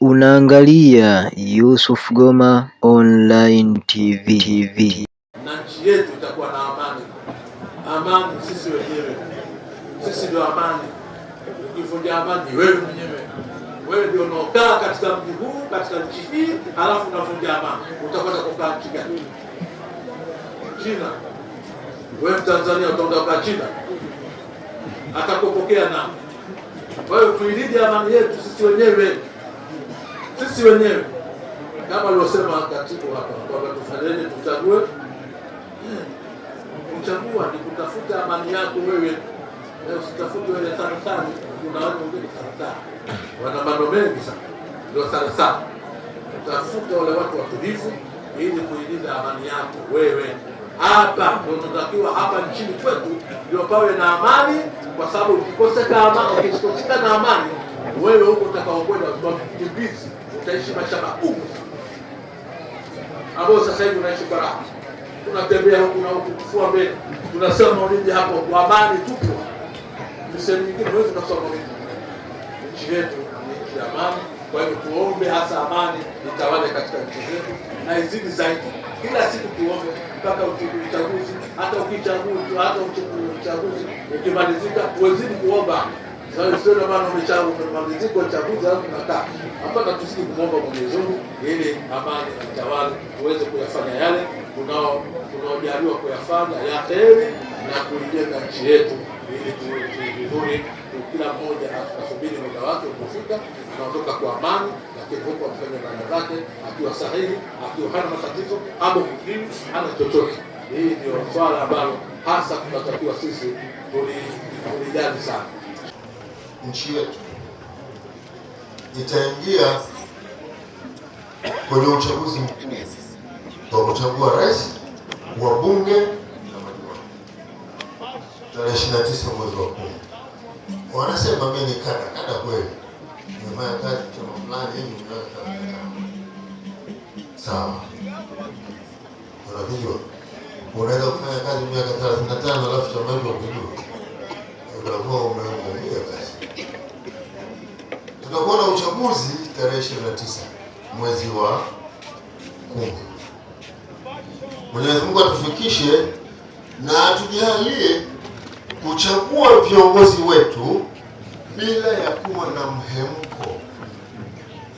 Unaangalia Yusuf Goma Online TV. TV. Na nchi yetu itakuwa na amani. Amani sisi wenyewe, sisi ndio amani. Ukivunja amani wewe mwenyewe, wewe ndio unaokaa katika mji huu, katika nchi hii, halafu unavunja amani, utakwenda kukaa nchi gani? China? Wewe Mtanzania utaenda China? Atakupokea na wewe, tuilinde amani yetu sisi wenyewe sisi wenyewe kama aliosema katibu hapa kwamba tufanyeni, tuchague. Kuchagua ni kutafuta amani yako wewe, usitafute wenye saratani. Kuna watu wengine saratani wana mambo mengi sana, ndio saratani. Utafuta wale watu watulivu, ili kuilinda amani yako wewe. Hapa ndio tunatakiwa hapa nchini kwetu ndio pawe na amani, kwa sababu ukikoseka amani, ukikoseka na amani, wewe huko utakaokwenda kwa mkimbizi utaishi maisha magumu ambayo sasa hivi unaishi kwa raha, tunatembea huku na huku, kufua mbele, tunasema uliji hapo kwa amani, tupo sehemu nyingine huwezi ukasoma. Nchi yetu ni nchi ya amani, kwa hiyo tuombe hasa amani itawale katika nchi zetu na izidi zaidi kila siku tuombe mpaka uchaguzi. Hata ukichaguzi, hata uchaguzi ukimalizika, uwezidi kuomba sio ndio maana umemalizika uchaguzi au kinakaa hapa, na tuzidi kumwomba Mwenyezi Mungu ili amani na utawala tuweze kuyafanya yale tunaojaliwa kuyafanya ya heri na kuijenga nchi yetu ili tuwe vizuri. Kila mmoja asubiri muda wake ukufika, tunaondoka kwa amani, lakini huku akifanya ibada zake akiwa sahihi, akiwa hana matatizo hapo mwingine hana chochote. Hii ndio swala ambalo hasa tunatakiwa sisi tulijali sana nchi yetu itaingia kwenye uchaguzi mkuu wa kuchagua rais, wabunge na madiwani tarehe 29 mwezi wa kumi. Wanasema mimi ni kada kada, kweli nimefanya kazi chama fulani hivi sawa, unajua unaweza kufanya kazi miaka 35 alafu chama hicho ukijua unakuwa ume uchaguzi tarehe 29 mwezi wa kumi. Mwenyezi Mungu atufikishe na atujalie kuchagua viongozi wetu bila ya kuwa na mhemko.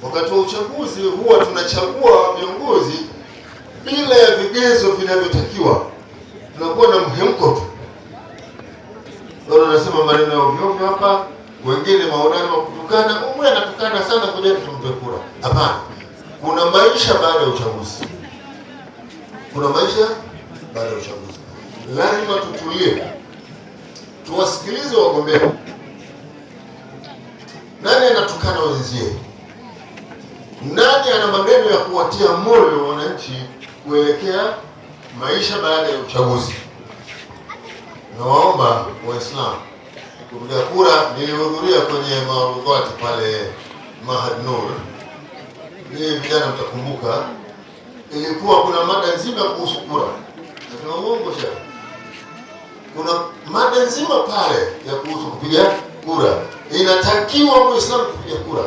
Wakati wa uchaguzi huwa tunachagua viongozi bila ya vigezo vinavyotakiwa, tunakuwa na mhemko tu. Anasema maneno ya ovyo hapa wengine maonani wa kutukana, umwe anatukana sana, kuja tumpe kura. Hapana, kuna maisha baada ya uchaguzi, kuna maisha baada ya uchaguzi. Lazima tutulie, tuwasikilize wagombea. Nani anatukana wenzie? Nani ana maneno ya kuwatia moyo wananchi kuelekea maisha baada ya uchaguzi? Nawaomba Waislamu kupiga kura. Nilihudhuria kwenye maarudhati pale Mahad Nur, ni vijana mtakumbuka, ilikuwa kuna mada nzima kuhusu kura, na uongo sha kuna mada nzima pale ya kuhusu kupiga kura, inatakiwa Muislamu kupiga kura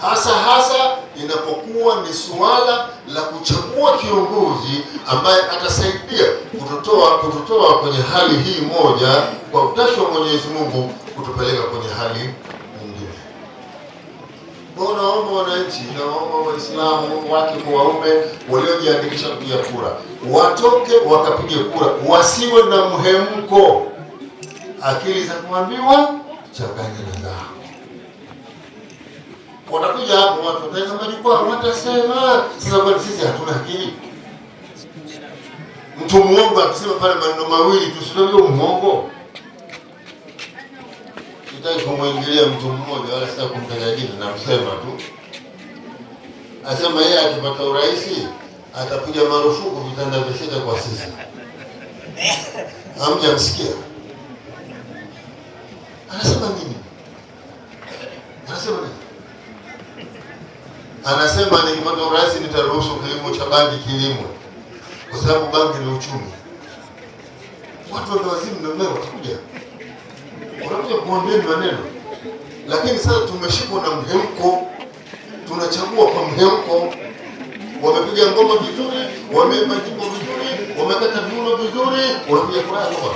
hasa hasa inapokuwa ni suala la kuchagua kiongozi ambaye atasaidia kututoa kututoa kwenye hali hii moja kwa utashi wa Mwenyezi Mungu kutupeleka kwenye hali nyingine. Kwa naomba wananchi, naomba Waislamu wake kwa waume waliojiandikisha kupiga kura watoke wakapiga kura, wasiwe na mhemko. Akili za kuambiwa changanya watakuja hapo watu wataweza majukwaa, watasema sasa, kwani sisi hatuna akili? Mtu mwongo akisema pale maneno mawili tu, sio leo mwongo? Sitaki kumwingilia mtu mmoja, wala sitaki kumtaja jina, namsema tu, asema yeye akipata urais atapiga marufuku vitanda vya sita kwa sisi. Hamjamsikia anasema nini? anasema nikipata urais nitaruhusu kilimo cha bangi kilimo, kwa sababu bangi ni uchumi. Watu watawazimu ndio leo watakuja, wanakuja kuambieni maneno, lakini sasa tumeshikwa na mhemko, tunachagua kwa mhemko. Wamepiga ngoma vizuri, wameimba nyimbo vizuri, wamekata viuno vizuri, wanakuja kuratoa.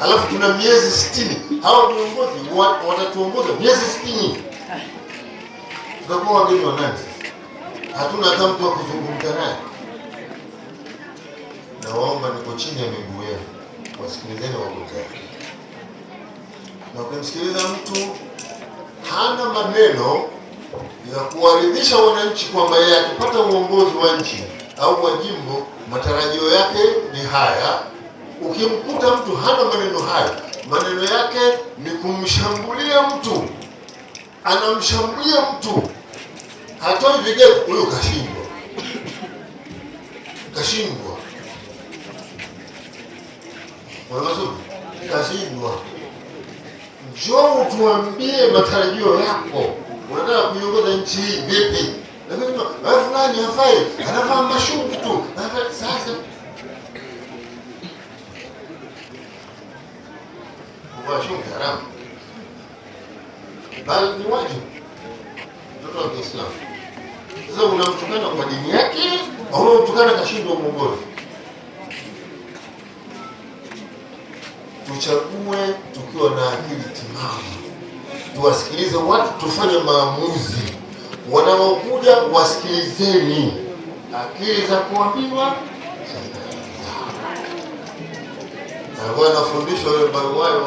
Alafu tuna miezi sitini, hawa viongozi watatuongoza miezi sitini tutakuwa wageni wa nani? Hatuna hata mtu wa kuzungumza naye. Nawaomba, niko chini ya miguu yenu, wasikilizeni wagonjwa wake. Na ukimsikiliza mtu hana maneno ya kuwaridhisha wananchi kwamba yeye akipata uongozi wa nchi au wa jimbo matarajio yake ni haya, ukimkuta mtu hana maneno hayo, maneno yake ni kumshambulia mtu anamshambulia mtu hatoi vigezo, huyo kashindwa, kashindwa mwanazuri, kashindwa. Njoo tuambie matarajio yako, unataka kuiongoza nchi hii vipi? Lakini fulani hafai, anavaa mashuku tu. Sasa mashuku haramu bali ni wajibu mtoto wa Kiislamu. Sasa unamtukana kwa dini yake au unamtukana kashindwa uongozi? Tuchague tukiwa na akili timamu, tuwasikilize watu, tufanye maamuzi. Wanaokuja wasikilizeni, akili za kuambiwa anafundishwa yule baruayo